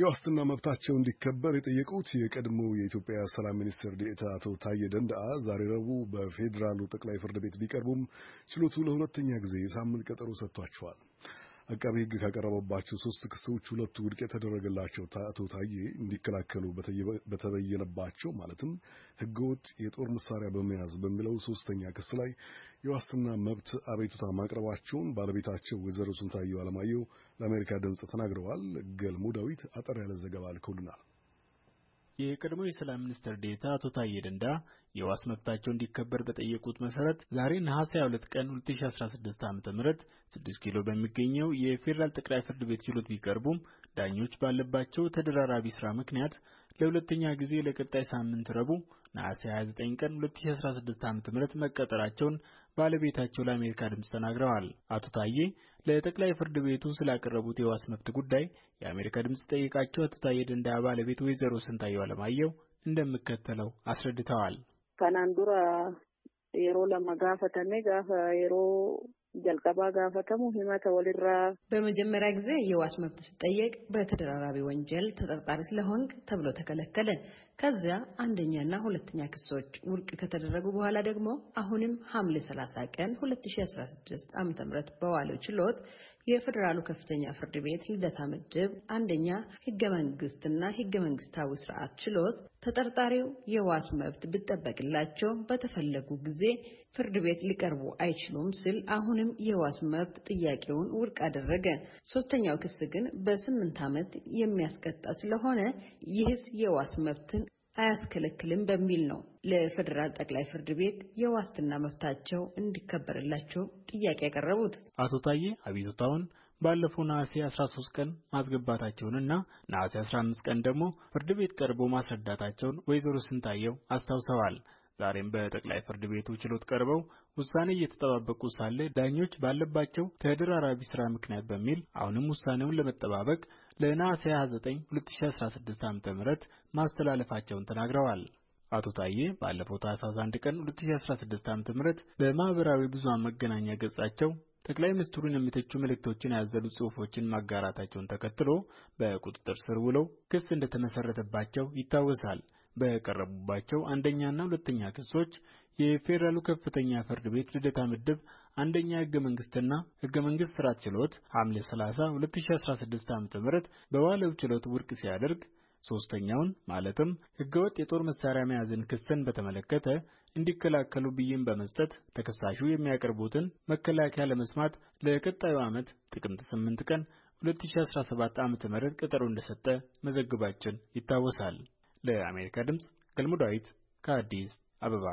የዋስትና መብታቸው እንዲከበር የጠየቁት የቀድሞ የኢትዮጵያ ሰላም ሚኒስትር ዴኤታ አቶ ታየ ደንደአ ዛሬ ረቡዕ በፌዴራሉ ጠቅላይ ፍርድ ቤት ቢቀርቡም ችሎቱ ለሁለተኛ ጊዜ የሳምንት ቀጠሮ ሰጥቷቸዋል። አቃቢ ሕግ ካቀረበባቸው ሶስት ክሶች ሁለቱ ውድቅ የተደረገላቸው አቶ ታዬ እንዲከላከሉ በተበየነባቸው ማለትም ሕገወጥ የጦር መሳሪያ በመያዝ በሚለው ሶስተኛ ክስ ላይ የዋስትና መብት አቤቱታ ማቅረባቸውን ባለቤታቸው ወይዘሮ ስንታየው አለማየሁ ለአሜሪካ ድምፅ ተናግረዋል። ገልሞ ዳዊት አጠር ያለ ዘገባ ልኮልናል። የቀድሞ የሰላም ሚኒስትር ዴታ አቶ ታዬ ደንዳ የዋስ መብታቸው እንዲከበር በጠየቁት መሰረት ዛሬ ነሐሴ 22 ቀን 2016 ዓ.ም 6 ኪሎ በሚገኘው የፌዴራል ጠቅላይ ፍርድ ቤት ችሎት ቢቀርቡም ዳኞች ባለባቸው ተደራራቢ ሥራ ምክንያት ለሁለተኛ ጊዜ ለቀጣይ ሳምንት ረቡዕ ነሐሴ 29 ቀን 2016 ዓ.ም መቀጠራቸውን ባለቤታቸው ለአሜሪካ ድምፅ ተናግረዋል። አቶ ታዬ ለጠቅላይ ፍርድ ቤቱ ስላቀረቡት የዋስ መብት ጉዳይ የአሜሪካ ድምፅ ጠይቃቸው አቶ ታዬ ደንደዓ ባለቤት ወይዘሮ ስንታየው አለማየሁ እንደሚከተለው አስረድተዋል። ከናን የሮ ለመጋፈተሜ ጋፈ የሮ ጀልቀባ ጋፈተሙ ሂመተ ወልራ በመጀመሪያ ጊዜ የዋስ መብት ሲጠየቅ በተደራራቢ ወንጀል ተጠርጣሪ ስለሆንክ ተብሎ ተከለከለ። ከዚያ አንደኛና ሁለተኛ ክሶች ውድቅ ከተደረጉ በኋላ ደግሞ አሁንም ሐምሌ 30 ቀን 2016 ዓ.ም በዋለው ችሎት የፌዴራሉ ከፍተኛ ፍርድ ቤት ልደታ ምድብ አንደኛ ህገ መንግስትና ህገ መንግስታዊ ስርዓት ችሎት ተጠርጣሪው የዋስ መብት ቢጠበቅላቸው በተፈለጉ ጊዜ ፍርድ ቤት ሊቀርቡ አይችሉም ሲል አሁንም የዋስ መብት ጥያቄውን ውድቅ አደረገ። ሶስተኛው ክስ ግን በስምንት ዓመት የሚያስቀጣ ስለሆነ ይህስ የዋስ መብትን አያስከለክልም በሚል ነው ለፌዴራል ጠቅላይ ፍርድ ቤት የዋስትና መብታቸው እንዲከበርላቸው ጥያቄ ያቀረቡት። አቶ ታዬ አቤቱታውን ባለፈው ነሐሴ 13 ቀን ማስገባታቸውንና ነሐሴ 15 ቀን ደግሞ ፍርድ ቤት ቀርቦ ማስረዳታቸውን ወይዘሮ ስንታየው አስታውሰዋል። ዛሬም በጠቅላይ ፍርድ ቤቱ ችሎት ቀርበው ውሳኔ እየተጠባበቁ ሳለ ዳኞች ባለባቸው ተደራራቢ ሥራ ምክንያት በሚል አሁንም ውሳኔውን ለመጠባበቅ ለነሐሴ 29 2016 ዓ.ም ማስተላለፋቸውን ተናግረዋል። አቶ ታዬ ባለፈው ታኅሳስ 1 ቀን 2016 ዓ.ም በማህበራዊ ብዙሃን መገናኛ ገጻቸው ጠቅላይ ሚኒስትሩን የሚተቹ መልእክቶችን ያዘሉ ጽሑፎችን ማጋራታቸውን ተከትሎ በቁጥጥር ስር ውለው ክስ እንደተመሰረተባቸው ይታወሳል። በቀረቡባቸው አንደኛና ሁለተኛ ክሶች የፌዴራሉ ከፍተኛ ፍርድ ቤት ልደታ ምድብ አንደኛ ሕገ መንግሥትና ሕገ መንግሥት ሥራ ችሎት ሐምሌ 30 2016 ዓ.ም በዋለው ችሎት ውድቅ ሲያደርግ ሦስተኛውን ማለትም ሕገወጥ የጦር መሣሪያ መያዝን ክስን በተመለከተ እንዲከላከሉ ብይን በመስጠት ተከሳሹ የሚያቀርቡትን መከላከያ ለመስማት ለቀጣዩ ዓመት ጥቅምት 8 ቀን 2017 ዓ.ም ቀጠሮ እንደሰጠ መዘግባችን ይታወሳል። ለአሜሪካ ድምፅ ገልሞ ዳዊት ከአዲስ አበባ